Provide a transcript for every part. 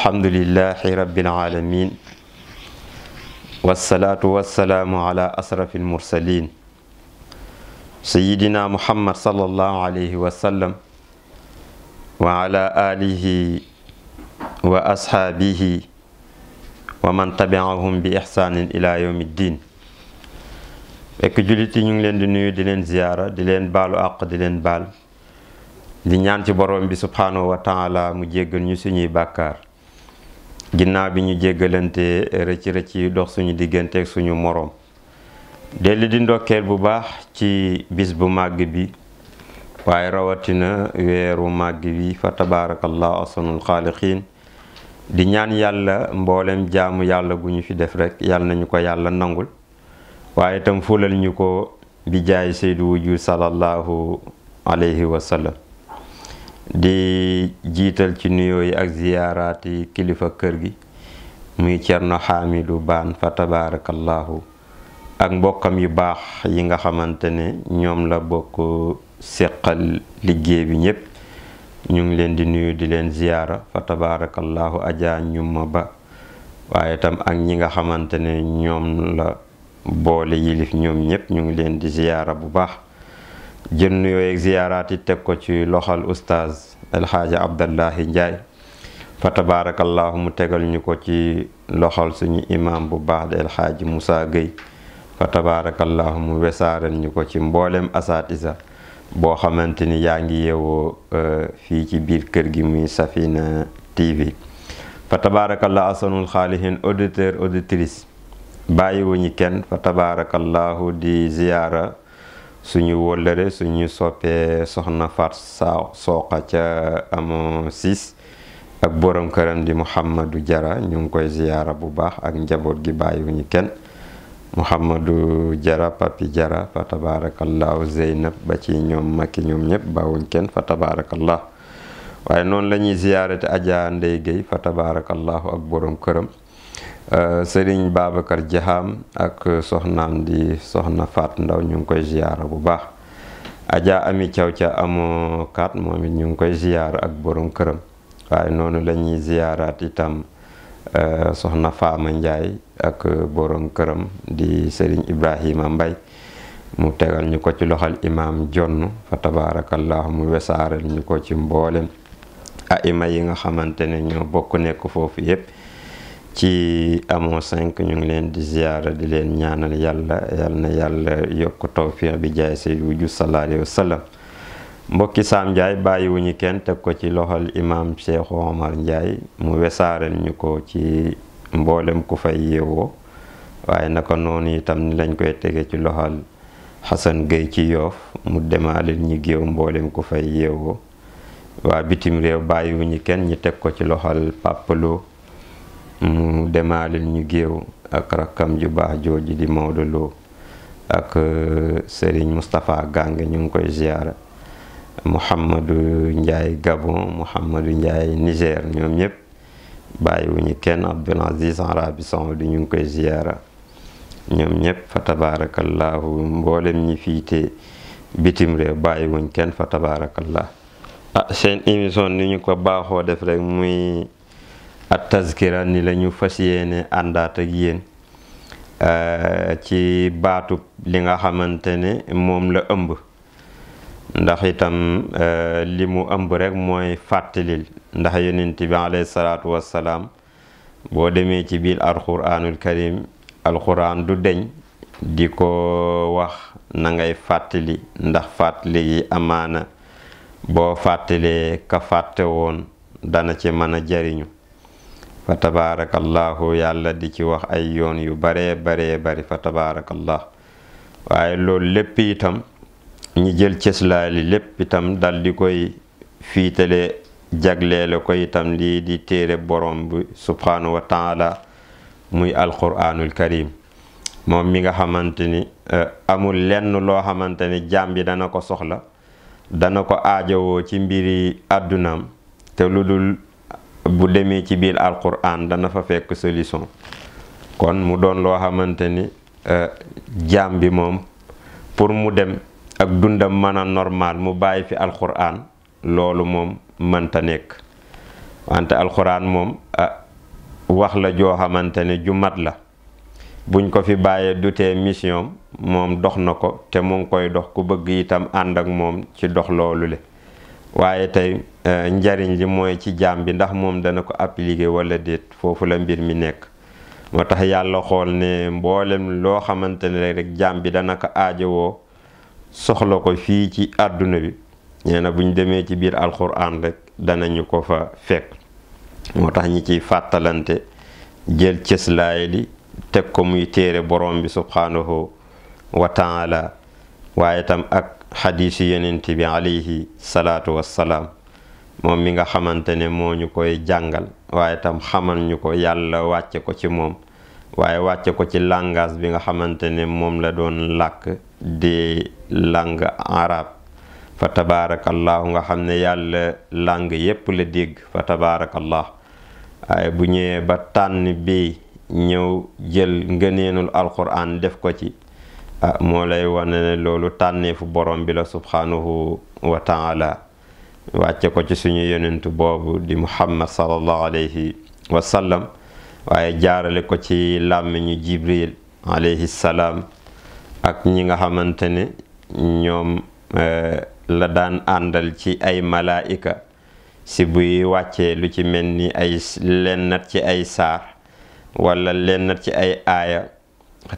الحمد لله رب العالمين والصلاة والسلام على أسرف المرسلين سيدنا محمد صلى الله عليه وسلم وعلى آله وأصحابه ومن تبعهم بإحسان إلى يوم الدين ekujuliti ñu ngi leen di nuyu di leen ziyara di leen balu aq di leen bal di ginnaaw bi ñu jéggalante rëcc rëcc yi dox suñu diggante suñu moroom delli di ndokkeel bu baax ci bis bu màgg bi waaye rawatina weeru màgg bi fa tabaarakallaahu ahsanul xaaliqiin di ñaan yàlla mboolem jaamu yàlla gu ñu fi def rekk yàlla nañu ko yàlla nangul waaye itam fulal ñu ko bi jaay saydu wujju sallallahu alayhi wa di jiital ci nuyoo yi ak ziyaaraat kilifa kër gi muy Cerno Xaamidu Baan fa tabaarakallaahu ak mbokkam yu baax yi nga xamante ne ñoom la bokk seqal liggéey bi ñépp ñu ngi leen di nuyu di leen ziyaara fa tabaarakallaahu ajaa ñuma ba waaye tam ak ñi nga xamante ne ñoom la boole yilif ñoom ñépp ñu ngi leen di ziyaara bu baax jël nuyoo ak ziyaaraat yi teg ko ci loxal oustaz alxaaji abdallahi njaay fa tabaarakallaahu mu tegal ñu ko ci loxal suñu imam bu baax di alxaaji musa géy fa tabaarakallaahu mu wesaaren ñu ko ci mboolem asaatisa boo xamante ni yaa ngi yeewoo fii ci biir kër gi muy safina tv fa tabaarakallaahu asanul xaalihin auditeur auditrice bàyyiwuñu kenn fa tabaarakallaahu di ziyaara suñu wóllëre ñu soppee soxna Faat Sa Sooqa ca amoo siis ak borom këram di Mouhamadou Jara ñu ngi koy ziyaara bu baax ak njaboot gi ñu kenn Mouhamadou Jara Papi Jara fa tabaarakallaahu Zeynab ba ci ñoom maki ñoom ñëpp bàwuñ kenn fa tabaarakallaahu waaye noonu la ñuy ziyaarate Adja Ndey Guèye fa tabaarakallaahu ak borom këram Euh, sëriñ Babacar Diaham ak soxnaam di soxna Faat Ndaw ñu ngi koy ziyaara bu baax Adja Ami Thiaw ca amoo kat moom it ñu ngi koy ziyaara ak boroom këram waaye noonu la ñuy itam euh, soxna Faama Ndiaye ak borom këram di sëriñ Ibrahima Mbay mu tegal ñu ko ci loxal imaam jonn fa tabaarakallaahu mu wesaaral ñu ko ci mboolem a ima yi nga xamante ne ñoo bokk nekk foofu yépp ci amo 5 ñu ngi leen di ziara di leen ñaanal yàlla yàlla na yàlla yokk tawfiq bi jaay say wuju salaa alei wasalam mbokki saam ndiaay bàyyiwuñu kenn teg ko ci loxal imam cheikh omar ndiaay mu wesaaral ñu ko ci mboolem ku fay yéewoo waaye naka noonu itam ni lañ koy tege ci loxal xasan gëy ci yoof mu demaalil ñi géew mboolem ku fay yéewoo waa bitim réew bàyyiwuñu kenn ñu teg ko ci loxal pàppalo mu demaalil ñu géew ak rakkam ju baax jooji di Maodo Lo ak euh, Serigne Moustapha Gange ñu ngi koy ziyaara Mouhamadou Ndiaye Gabon Mouhamadou Ndiaye Niger ñoom ñëpp bàyyiwuñu kenn Abdoul Aziz Arabi Saoudi ñu ngi koy ziyaara ñoom ñëpp fa tabarakallahu mboolem ñi fiite bitim réew bàyyiwuñ kenn fa tabarakallah ah seen émission ni ñu ko baaxoo def rek muy at tazkira ni la ñu fas yéene àndaat ak yéen euh, ci baatu li nga xamante ne moom la ëmb ndax itam euh, li mu ëmb rek mooy fàttalil ndax yonent bi alayhi salaatu wassalaam boo demee ci biir alxuraanul karim alxuraan du deñ di ko wax na ngay fàttali ndax fàttali yi amaana boo fàttalee ka fàtte woon dana ci mën a jariñu fa tabaarakallahu yàlla di ci wax ay yoon yu baree baree bari fa tabaarakallah waaye lool lépp itam ñi jël cëslaali lépp itam dal di koy fiitale jagleele ko itam lii di téere borom bi subhaanahu wa taala muy alquraanul karim moom mi nga xamante ni eh, amul lenn loo xamante ni jaam bi dana ko soxla dana ko aajowoo ci mbiri àddunaam te lu dul bu demee ci biir alquran dana fa fekk solution kon mu doon loo xamante ni euh, jaam bi moom pour mu dem ak dundam mën a normal mu bàyyi fi alquran loolu moom mënta nekk wante alxuraan moom euh, wax la joo xamante ne ju mat la buñ ko fi bàyyee dute mission moom dox na ko te mu ngi koy dox ku bëgg itam ànd ak moom ci dox loolu le waaye tey Euh, njariñ li mooy ci jaam bi ndax moom dana ko appliquer wala déet foofu la mbir mi nekk moo tax yàlla xool ne mboolem loo xamante ne rek jaam bi dana ko aajowoo soxla ko fii ci àdduna bi nee buñ demee ci biir alxuraan rek danañu ko fa fekk moo tax ñi ciy fàttalante jël cëslaay li teg ko muy téere borom bi subhaanahu wa taala waaye tam ak xadiisu yonent bi alayhi salaatu wassalaam moom mi nga xamante ne moo ñu koy jàngal waaye tam xamal ñu ko yàlla wàcce ko ci moom waaye wàcce ko ci langage bi nga xamante ne moom la doon làkk di langue arabe fa tabaarakallaahu nga xam ne yàlla langue yépp la dégg fa tabaarakallah waaye bu ñëwee ba tànn bi ñëw jël ngëneenul alquran def ko ci ah, moo lay wane ne loolu tànneefu borom bi la subhanahu wa wàcce ko ci suñu yonentu boobu di muhammad sallallahu alayhi wa waaye jaarale ko ci làmmiñu jibril alayhi salaam ak ñi nga xamante ne ñoom eh, la daan àndal ci ay malaa'ika si buy wàccee lu ci mel ni ay lennat ci ay saar wala lennat ci ay aaya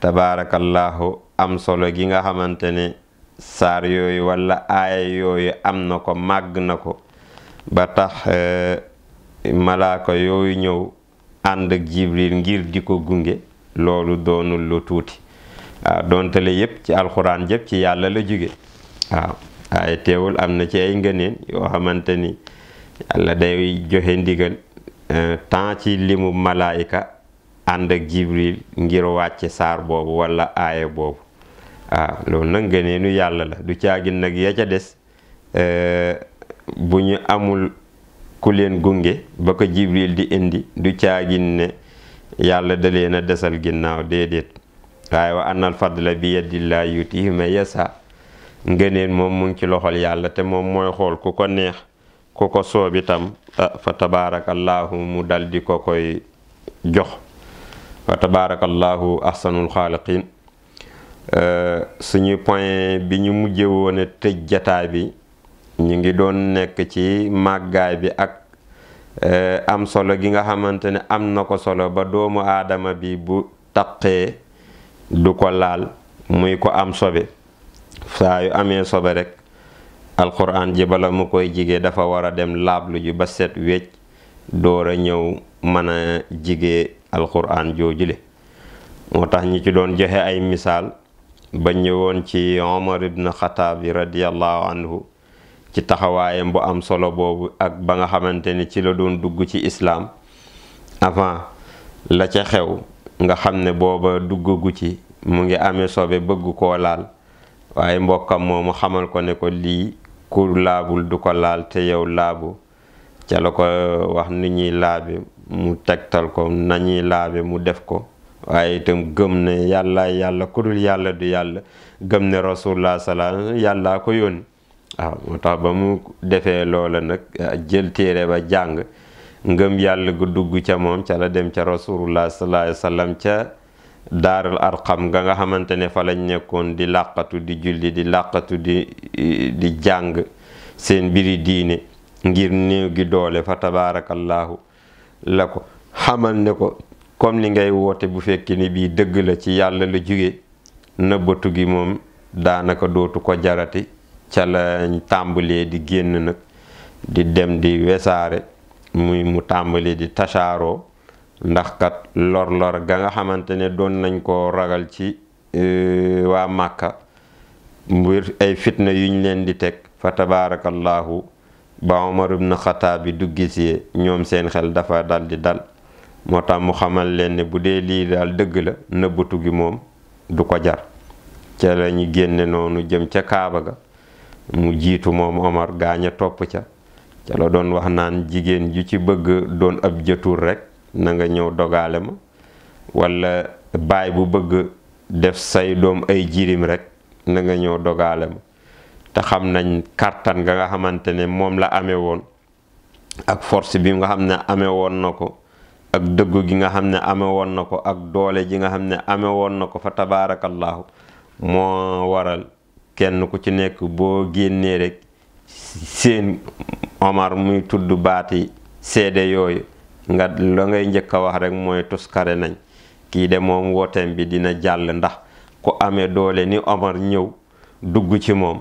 tabaarakallahu am solo gi nga xamante ne saar yooyu walla aaya yooyu am na ko màgg na ko ba tax eh, malaaka yooyu ñëw ànd ak jibril ngir di ko gunge loolu doonul lu tuuti waaw ah, donte la yëpp ci alxuraan yëpp ci yàlla la jóge waaw ah, aaya teewul am na ci ay ngëneen yoo xamante ni yàlla day joxe ndigal eh, tant ci limu malaayika ànd ak jibril ngir wàcce saar boobu wala aaya boobu waaw ah, loolu nag ngëneelu yàlla la du caagin nag ya ca des euh, bu ñu amul ku leen gunge ba ko jibril di indi du caagin ne yàlla da leen a desal ginnaaw déedéet waaye wa annal fadla bi yadillah yutihi man yasa moom mu ci loxol yàlla te moom mooy xool ku ko neex ku ko soob itam ah, fa tabaarakallaahu mu dal di ko koy jox fa tabaarakallaahu ahsanul xaaliqiin Euh, suñu point bi ñu mujjé woné tej jotaay bi ñi ngi doon nekk ci màggaay bi ak euh, am solo gi nga xamante ne am na ko solo ba doomu aadama bi bu taqee du ko laal muy ko am sobe saa yu amee sobe rek alquran ji bala mu koy jige dafa war a dem laablu ji ba set wecc door a ñëw mën a jigee alquran joojule moo tax ñi ci doon joxe ay misaal ba ñëwoon ci Omar ibn Xataab yi radiyallahu anhu ci taxawaayam bu am solo boobu ak ba nga xamante ni ci la doon dugg ci islaam avant la ca xew nga xam ne booba duggagu ci mu ngi ame sobe bëgg koo laal waaye mbokkam moomu xamal ko ne ko lii ku laabul du ko laal te yow laabu ca la ko wax ni ñuy laabe mu tegtal ko nañuy laabe mu def ko waaye itam gëm ne yàlla yàlla ku dul yàlla du yàlla gëm ne rasulullah salaam yàllaa ko yoon waaw moo ba mu defee loola nag ah, jël téere ba jàng ngëm yàlla gu dugg ca moom ca la dem ca rasulullah salaay salaam ca daaral arqam nga nga xamante ne fa lañ nekkoon di làqatu di julli di làqatu di jàng seen biri diine ngir néew gi doole fa tabaarakallaahu la ko xamal ne ko comme li ngay woote bu fekkee ni bii dëgg la ci yàlla la jóge nëbbatu gi moom daanaka dootu ko jarati ca lañ tàmbalee di génn nag di dem di wesaare muy mu tàmbalee di tasaaroo ndax kat lor-lor ga nga xamante ne doon nañ ko ragal ci e, waa Màkka mbir ay fitna yuñ leen di teg fa tabaarakallaahu ba Omar ibn Xataab bi du gisee ñoom seen xel dafa dal di dal moo tax mu xamal leen ne bu dee lii daal dëgg la nëbbatu gi moom du ko jar ca lañu génne noonu jëm ca kaaba ga mu jiitu moom omar gaañe topp ca ca la doon wax naan jigéen ju ci bëgg doon ab jëtur rek na nga ñëw dogaale ma wala baay bu bëgg def say doom ay jirim rek na nga ñëw dogaale ma te xam nañ kàttan nga nga xamante ne moom la amee woon ak force bi nga xam ne amee woon na ko ak dëgg gi nga xam ne ame woon na ko ak doole ji nga xam ne ame woon na ko fa tabaarakallahu moo waral kenn ku ci nekk boo génnee rek seen omar muy tudd baati seede yooyu nga la ngay njëkk a wax rek mooy tuskare nañ kii de moom wooteem bi dina jàll ndax ku amee doole ni omar ñëw dugg ci moom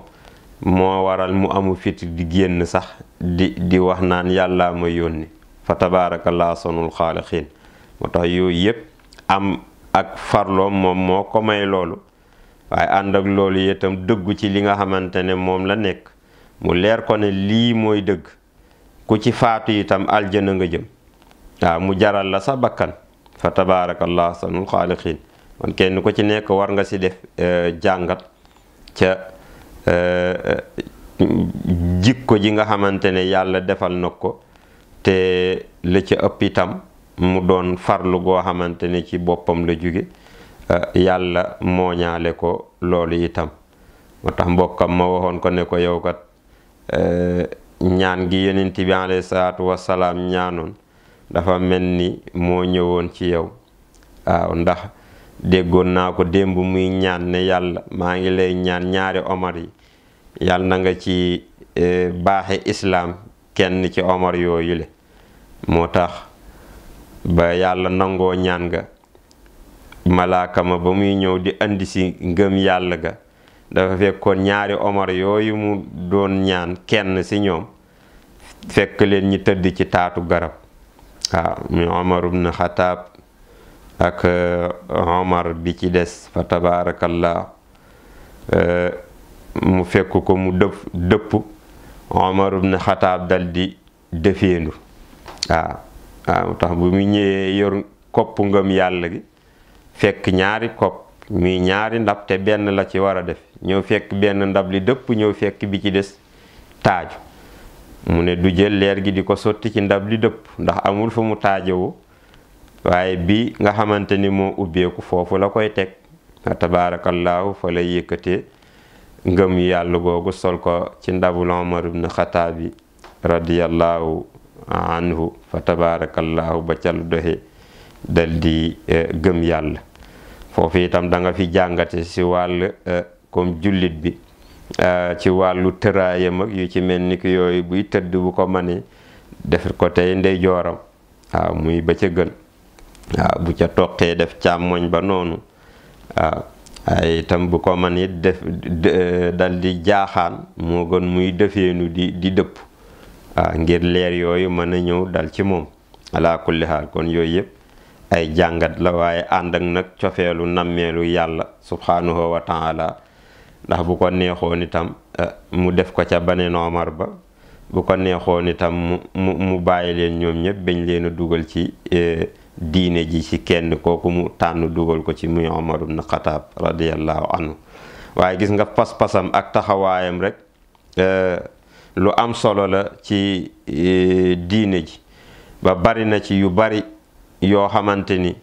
moo waral mu amu fit di génn sax di di wax naan yàllaa ma yónni fa tabaarakallaa sonul xaalixiin moo tax yooyu yépp am ak farloom moom moo ko may loolu waaye ànd ak loolu itam dëggu ci li nga xamante ne moom la nekk mu leer ko ne lii mooy dëgg ku ci faatu itam aljana nga jëm waaw mu jaral la sa bakkan fa tabaarakallaa sanul xaalixiin kon kenn ku ci nekk war nga ci def eh, jàngat ca eh, jikko ji nga xamante ne yàlla defal na ko te li ci ëpp itam mu doon farlu goo xamante ni ci boppam la jóge eh, yàlla mooñaale ko loolu itam moo tax mbokkam ma waxoon ko ne ko yow kat eh, ñaan gi yenent bi alayhi salatu wasalaam ñaanoon dafa mel ni moo ñëwoon ci yow waaw ndax déggoon naa ko démb muy ñaan ne yàlla maa ngi lay ñaan ñaari omar yi yàlla na nga ci eh, baaxe islaam kenn ci omar yooyu le moo tax ba yàlla nangoo ñaan ga malaakama ba muy ñëw di andi si ngëm yàlla ga dafa fekkoon ñaari omar yooyu mu doon ñaan kenn ci ñoom fekk leen ñi tëdd ci taatu garab waaw muy omar ibn xataab ak euh, omar bi ci des fa tabaarakallaa euh, mu fekk ko mu dëpp dëpp Omar ibn Xataab dal di defeendu waaw waaw tax bu mu ñëwee yor koppu ngëm yàlla gi fekk ñaari kopp muy ñaari ndab te benn la ci war a def ñëw fekk benn ndab li dëpp ñëw fekk bi ci des taaju mu ne du jël leer gi di ko sotti ci ndab li dëpp ndax amul fu mu taajowoo waaye bi nga xamante ni moo ubbeeku foofu la koy teg tabaarakallahu fa lay yëkkatee ngëm yàlla googu sol ko ci ndabul Omar ibn Xataabi radiyallahu anhu fa tabarakallahu ba ca lu doxe dal e, gëm yàlla foofu itam da nga fi jàngate si wàll e, comme jullit bi e, ci wàllu tëraayam ak yu ci mel ni ki yooyu buy tëdd bu ko mënee def ko tey ndey jooram muy ba ca gën waaw bu ca toqee def càmmoñ ba noonu waaw itam bu ko man it def dal di jaaxaan moo gën muy defeenu di di dëpp waaw ah, ngir leer yooyu mën a ñëw dal ci moom ala kulli xaal kon yooyu yëpp ay jàngat la waaye ànd ak nag cofeelu nammeelu yàlla subhanahu wa ndax bu ko neexoon itam eh, mu def ko ca bane noomar ba bu ko neexoon itam mu mu mu bàyyi leen ñoom ñëpp bañ leen a dugal ci eh, diine ji ci kenn kooku mu tànn dugal ko ci muy Omar ibn Xataab radiyallahu anhu waaye gis nga pas ak taxawaayam rek eh, lu am solo la ci eh, diine ji ba bari na ci yu bari yoo xamante ni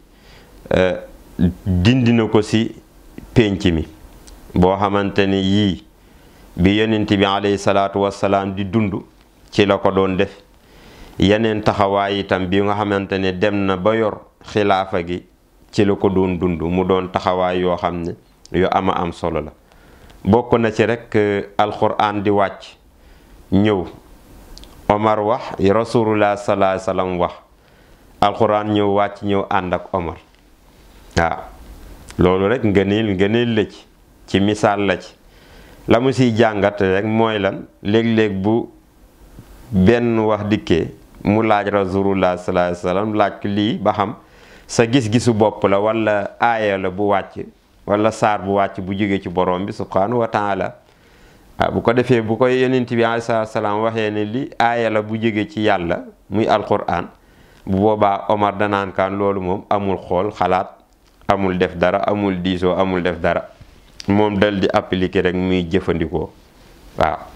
eh, dindi ko ci pénc mi boo xamante ni yii bi yonent bi alayhi salaatu wassalaam di dund ci la ko doon def yeneen taxawaay itam bi nga xamante ne dem na ba yor xilaafa gi ci la ko doon dund mu doon taxawaay yoo xam ne yu ama am solo la bokk na ci rekk eh, alxuraan di wàcc ñëw omar wax rasulullah salaa salaam wax alxuraan ñëw wàcc ñëw ànd ak omar waaw loolu rekk ngëneel ngëneel la ci ci misaal la ci la mu siy jàngat rekk mooy lan léeg-léeg bu benn wax dikkee mu laaj rasulullah sallallahu alayhi wa laaj lii ba xam sa gis-gisu bopp la walla aaya la bu wàcc wala saar bu wàcc bu jóge ci borom bi subhanahu wa taala waaw ah, bu ko defee bu koy yonent bi alayhi salaatu salaam waxee ne lii aaya la bu jóge ci yàlla muy alquran bu boobaa Omar danaan kaan loolu moom amul xool xalaat amul def dara amul diisoo amul def dara moom dal di appliquer rek muy jëfandikoo waaw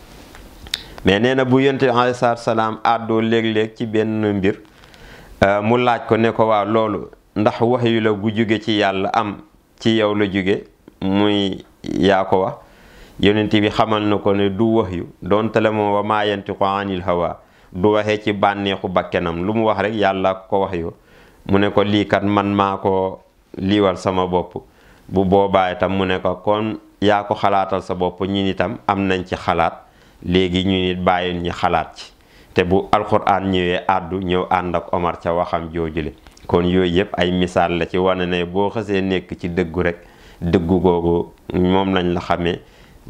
mais nee na bu yonte bi alayhi salaatu salaam àddoo léeg-léeg ci benn mbir euh, mu laaj ko ne ko waa loolu ndax wax yu la gu jóge ci yàlla am ci yow la jóge muy yaa ko wax yonent bi xamal na ko ne du wax yu doonte la moom wa du waxee ci bànneexu bakkenam lu mu wax rek yàlla ko wax yu mu ne ko liikat man maa ko liiwal sama bopp bu boobaa itam mu ne ko kon yaa ko xalaatal sa bopp ñun itam am nañ ci xalaat léegi ñu nit bàyyi ñu xalaat ci te bu alxuraan ñëwee àddu ñëw ànd ak Omar ca waxam joojule kon yooyu yëpp ay misaal la ci wane ne boo xasee nekk ci dëggu rek dëggu googu moom lañ la xamee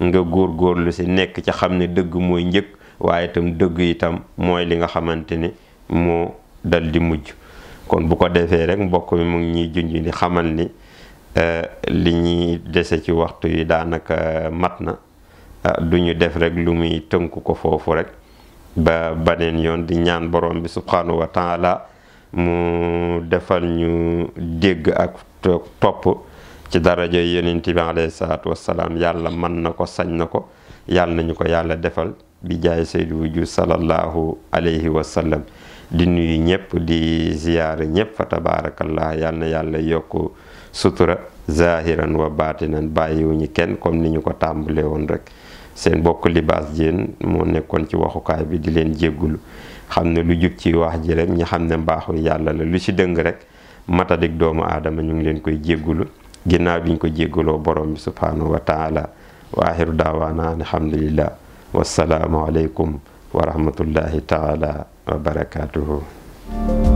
nga góor góorlu si nekk ci xam ne dëgg mooy njëkk waaye itam dëgg itam mooy li nga xamante ni moo dal di mujj kon bu ko defee rek mbokk mi mu ngi ñuy junj di xamal ni euh, li ñuy dese ci waxtu yi daanaka euh, mat na Ah, duñu def rek lu muy tënku ko foofu rek ba baneen yoon di ñaan borom bi subhanahu wa taala mu defal ñu dégg ak topp ci daraja yenenti bi alayhi salatu wassalaam yàlla man na ko sañ na ko yàll nañu ko yàlla defal bi jaay saydu wujud salallahu alayhi wasallam di nuyu ñëpp di ziyaare ñëpp fa tabaarakallah yàll na yàlla yokku sutura zahiran wa batinan bàyyiwuñu kenn comme ni ñu ko tàmbalee woon rek seen bokk libaas jeen moo nekkoon ci waxukaay bi di leen jéggulu xam ne lu jub ci wax ji rek ñu xam ne mbaaxu yàlla la lu ci dëng rek matadik doomu aadama ñu ngi leen koy jéggulu ginnaaw bi ñu ko jéggaloo borom bi subhanahu wa taala wa axiru daawaana alhamdulilah wassalaamu aleykum wa rahmatullahi taala wa barakatuhu thank you